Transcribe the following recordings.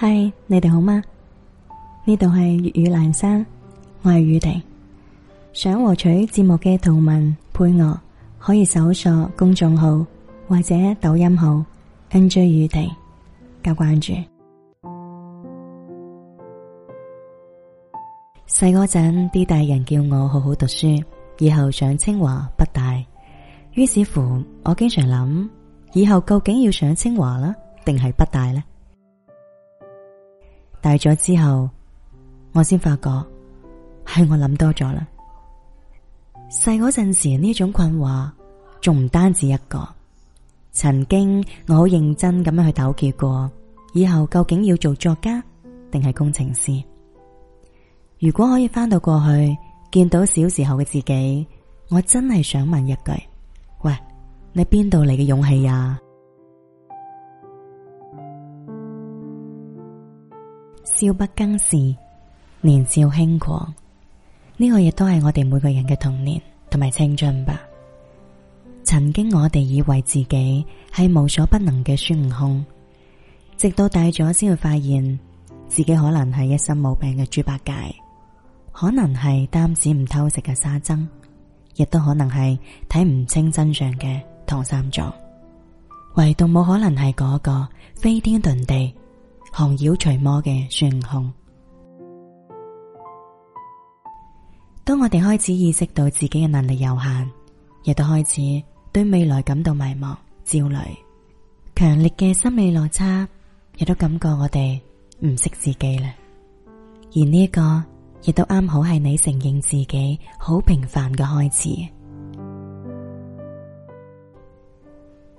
嗨，Hi，你哋好嗎？呢度係粵語闌珊，我係雨婷。想獲取節目嘅圖文配樂，可以搜索公眾號或者抖音號 NJ 雨婷加關注。細嗰陣，啲大人叫我好好讀書，以後上清華北大。於是乎，我經常諗，以後究竟要上清華啦，定係北大呢？大咗之後，我先發覺係我諗多咗啦。細嗰陣時呢種困惑，仲唔單止一個。曾經我好認真咁樣去糾結過，以後究竟要做作家定係工程師？如果可以翻到過去，見到小時候嘅自己，我真係想問一句：喂，你邊度嚟嘅勇氣呀、啊？少不更事，年少輕狂，呢、這個嘢都係我哋每個人嘅童年同埋青春吧。曾經我哋以為自己係無所不能嘅孫悟空，直到大咗先會發現自己可能係一身毛病嘅豬八戒，可能係擔子唔偷食嘅沙僧，亦都可能係睇唔清真相嘅唐三藏，唯獨冇可能係嗰個飛天遁地，降妖除魔嘅孫悟空，當我哋開始意識到自己嘅能力有限，亦都開始對未來感到迷茫、焦慮，強烈嘅心理落差，亦都感覺我哋唔識自己啦。而呢一個亦都啱好係你承認自己好平凡嘅開始，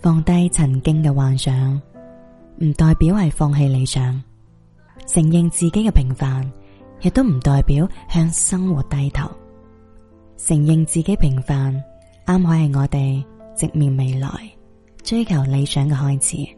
放低曾經嘅幻想。唔代表係放棄理想，承認自己嘅平凡，亦都唔代表向生活低頭。承認自己平凡，啱好係我哋直面未來、追求理想嘅開始。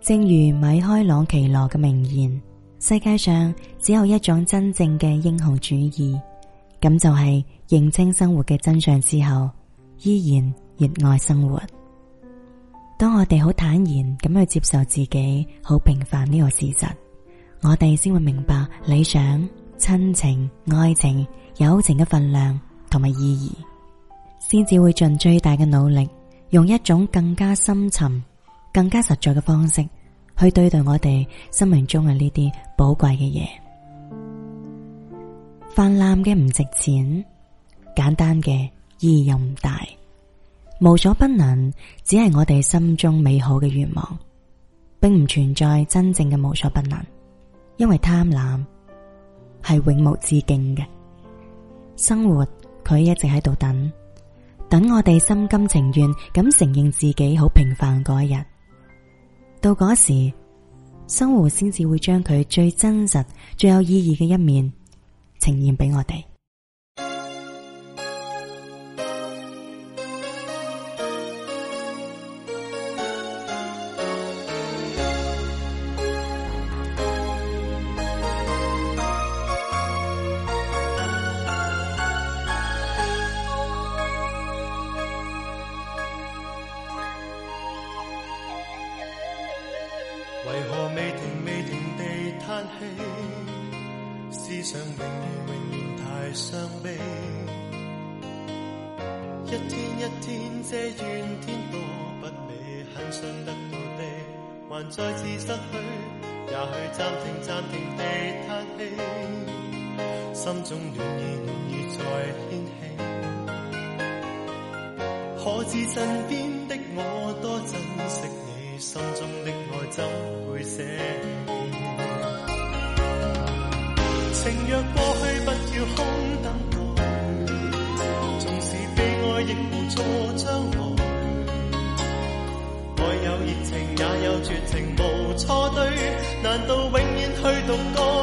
正如米開朗奇羅嘅名言：世界上只有一種真正嘅英雄主義，咁就係認清生活嘅真相之後，依然熱愛生活。當我哋好坦然咁去接受自己好平凡呢個事實，我哋先會明白理想、親情、愛情、友情嘅份量同埋意義，先至會盡最大嘅努力，用一種更加深沉、更加實在嘅方式去對待我哋生命中嘅呢啲寶貴嘅嘢。泛濫嘅唔值錢，簡單嘅意義又唔大。無所不能，只係我哋心中美好嘅願望，並唔存在真正嘅無所不能，因為貪婪係永無止境嘅。生活佢一直喺度等，等我哋心甘情願咁承認自己好平凡嗰一日。到嗰時，生活先至會將佢最真實、最有意義嘅一面呈現俾我哋。未停未停地嘆氣，思想永遠永遠太傷悲。一天一天嗟怨天多不理，很想得到你還再次失去。也許暫停暫停地嘆氣，心中暖意暖意再掀起。可知身邊的我多珍惜？心中的愛怎會捨情，若過去不要空等待，縱使悲哀亦無錯，將來愛有熱情也有絕情，無錯對，難道永遠去獨個？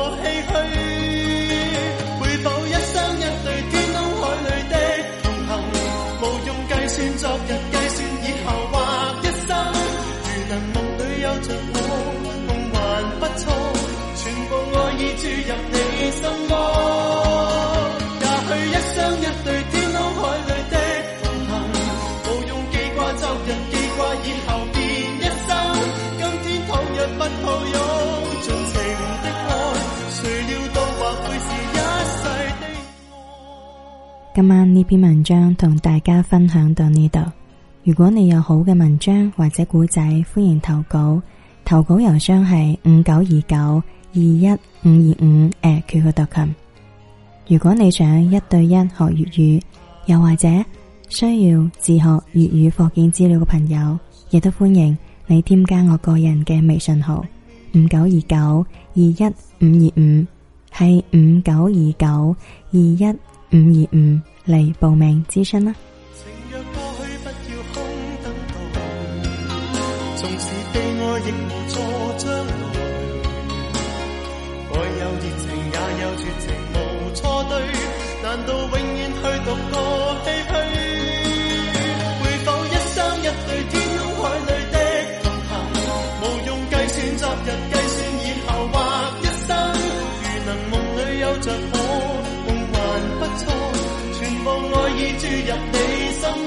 今晚呢篇文章同大家分享到呢度。如果你有好嘅文章或者古仔，歡迎投稿。投稿郵箱係五九二九。二一五二五，誒，QQ 特勤。Come. 如果你想一對一學粵語，又或者需要自學粵語課件資料嘅朋友，亦都歡迎你添加我個人嘅微信號五九二九二一五二五，係五九二九二一五二五嚟報名諮詢啦。熱情也有絕情，無錯對，難道永遠去獨個唏噓？會否一生一對天空海裡的同行，無用計算昨日，計算以後或一生。如能夢裡有着我，夢還不錯，全部愛意注入你心。